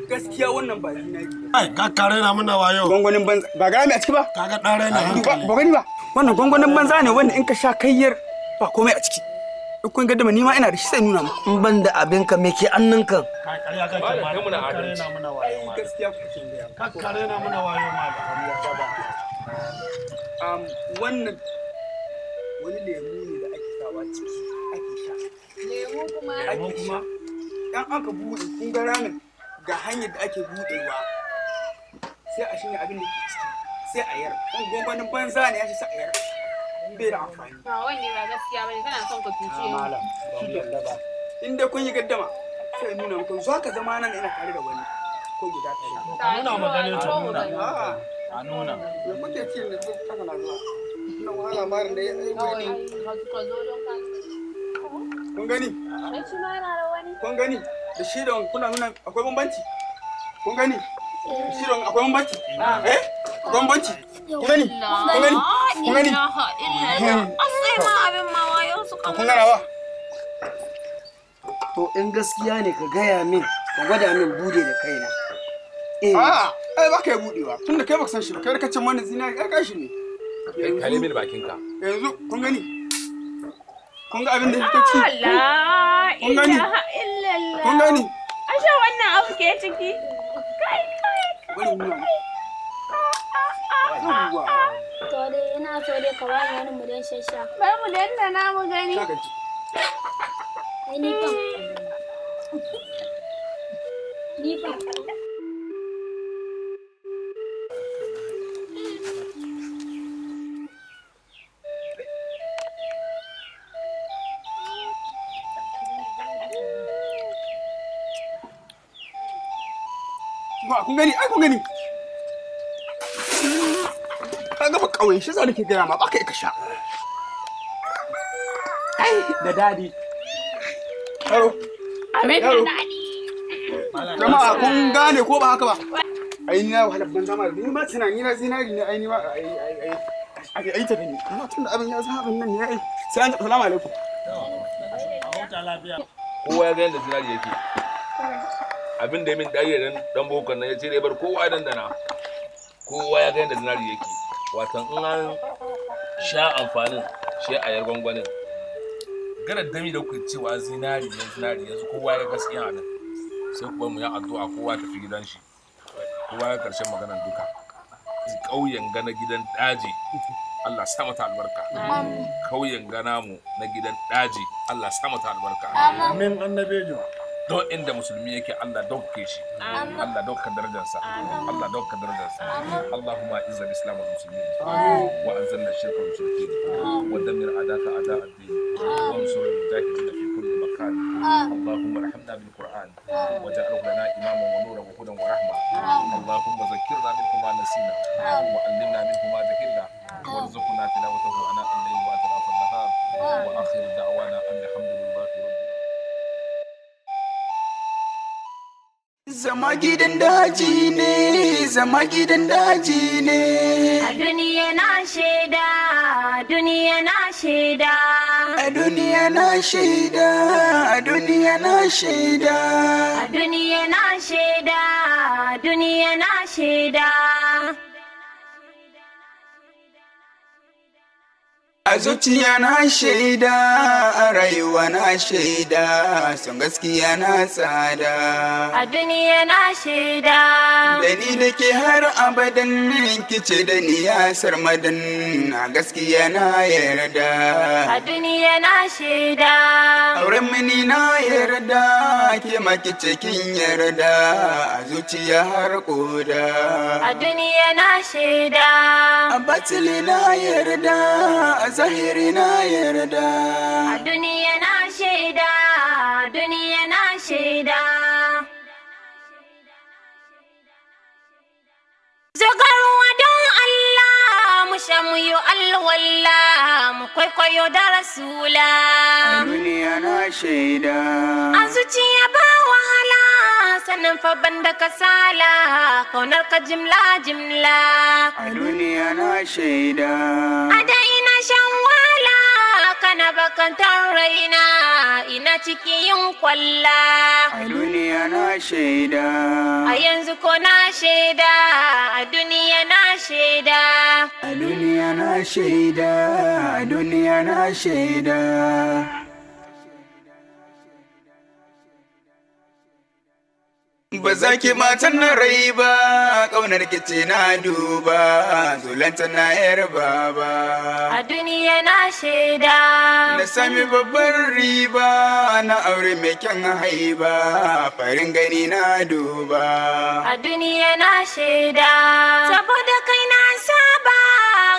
gaskiya wannan ba ka na banza ba a ciki ba gani ba wannan banza ne wanda in ka sha kayyar ba komai a ciki duk kun gaddama ni ma ina da shi sai nuna in ban da abin ka me ke annan ka ma ka na ma wannan wani lemu ne da ake sawa ciki ake sha lemu kuma idan aka buɗe kun ga ramin ga hanyar da ake buɗewa sai a shirya abin da ke ciki sai a yar kan gwagwanin banza ne ya shi sai a yar bai da amfani ba wanne ba gaskiya bane kana son ka tuce ni ah, malam ba in dai kun yi gaddama sai nuna muku zo ka zama nan ina tare da wani ko guda tare. ka nuna maganin ta nuna ah. a nuna ya muke ce ne duk kana na zuwa ina wahala marin da ya yi wani kun gani ai ci mara yana kun gani da shi kuna nuna akwai bambanci kun gani shi akwai bambanci eh akwai bambanci kun gani kun gani kun gani asai hmm. ma abin ma wayo su kan kun ganawa to in gaskiya ne ka gaya min ka gwada min bude da kaina eh ah, ai baka yi budewa tunda kai baka san shi ba kai da kacin mana zinari kai gashi ne kalmin bakinka yanzu kun gani kun ga abin da ci kun gani wannan abu ke ciki kai kai to dai ina so dai ka wani wani mu shasha bai da na mu gani ni fa ni fa kun gani ai kun gani ka gama kauye shi za nake gaya ma baka ka ka sha ai da dadi yaro abin da dadi jama'a kun gane ko ba haka ba ai ni na wahala ban zama ni ma tunani na zinari ne ai ni ma ai ai ai ai ai ta ni amma tun da abin ya zama abin nan ne ai salamu alaikum kowa ya ga yadda zinari yake abin da min dai dan dan boko nan ya ce dai bar kowa dana kowa ya ga yadda zinari yake watan in an sha amfanin shi a yar gwangwanin gara dami da kuke cewa zinari ne zinari yanzu kowa ya gaskiya nan sai kuma mu yi addu'a kowa tafi gidan shi kowa ya karshen maganar duka ƙauyen gana gidan daji Allah sa mata albarka. Kauyen gana mu na gidan daji Allah sa mata albarka. Amin annabejo. don inda musulmi yake Allah dauke shi Allah dauka sa Allah dauka sa Allahumma izza al-islam wal muslimin wa anzilna shirka wal mushrikin wa damir adaka ada ad-din wa ansur al-mujahidin fi kulli makan Allahumma arhamna bil Qur'an wa waj'alhu lana imama wa nuran wa hudan wa rahma Allahumma zakkirna bil ma nasina wa 'allimna minhu ma jahilna warzuqna tilawatahu ana al layl wa atraf al nahar wa akhir da'wana an alhamdulillah Zama gidan daji ne, zama gidan daji ne. duniya na shaida, duniya na shaida. A duniya na shaida, a duniya na shaida. duniya na shaida, duniya na shaida. A zuciya na shaida, a rayuwa na shaida, son gaskiya na tsada. A duniya na shaida. Da ni da ke har abadan kice da ni ya madan. a gaskiya na yarda. A duniya na shaida. Auren mini na yarda, ke ma kice kin yarda, a zuciya har koda. A duniya na shaida. A batili na yarda, zahiri na yarda duniya na shaida duniya na shaida Zagarwa don Allah sha mu yi mu kwaikwayo da rasula duniya na shaida a ya ba wahala sanin fa da kasala kaunar ka jimla jimla a duniya na shaida a da ina shan kana bakantar raina ina ciki yin kwalla. A duniya na shaida. A yanzu ko na shaida, a duniya na shaida. A duniya na shaida, a duniya na shaida. Ba za ki matan na rai ba, ƙaunar kici na duba, zulanta na yar baba. A duniya na shaida. Na sami babban riba, na aure mai kyan haiba, farin gani na duba. A duniya na shaida. Saboda kai na saba,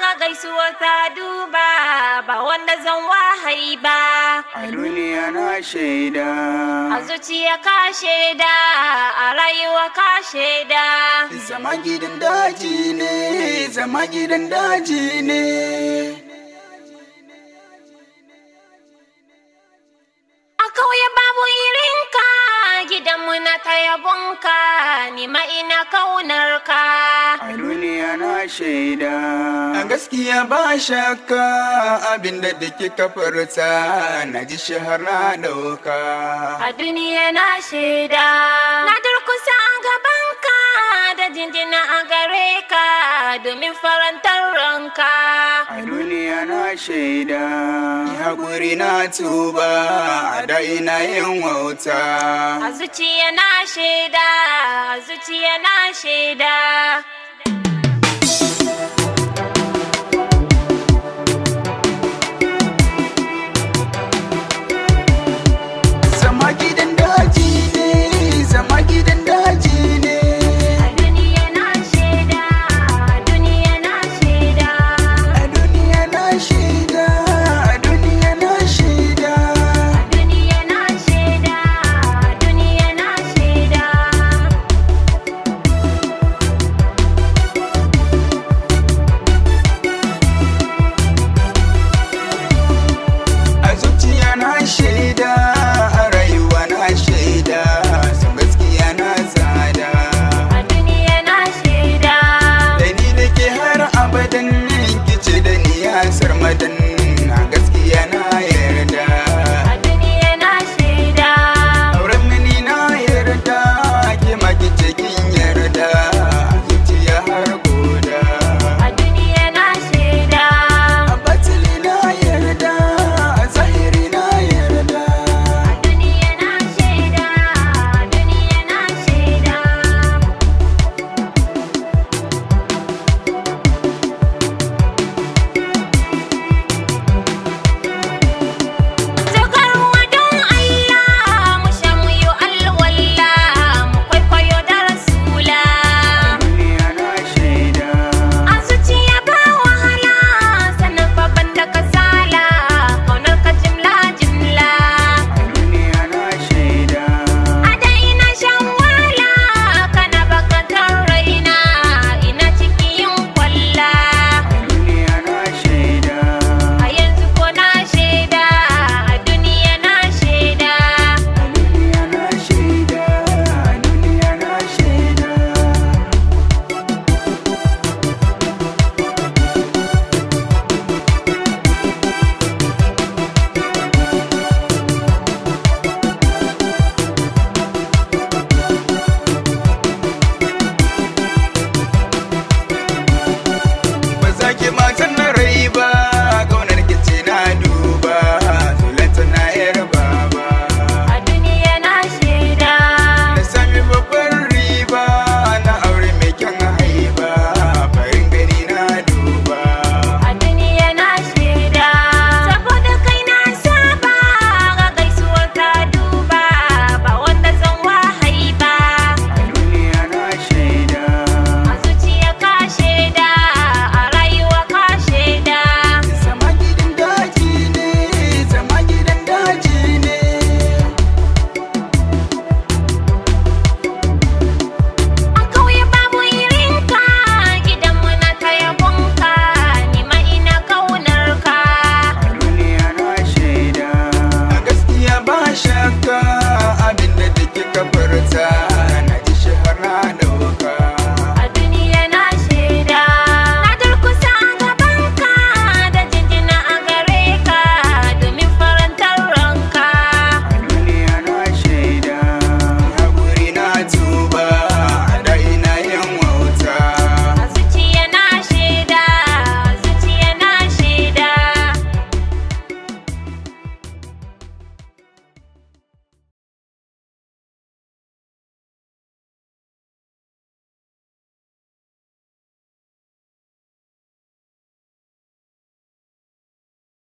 ga gaisuwa ta duba. zan wahayi ba a duniya na shaida a zuciya ka shaida a rayuwa ka shaida zama gidan daji ne zama gidan daji ne kauye babu irinka gidanmu na ta yabonka ni ma ina kaunarka a duniya na shaida a gaskiya ba shakka abinda da kika kafarta, na ji shahara dauka a duniya na shaida na durkusa ga jinjina a gare ka domin farantar ranka. A duniya na shaida, haƙuri na tuba, a da'i na yin wauta. A zuciya na shaida, a zuciya na shaida.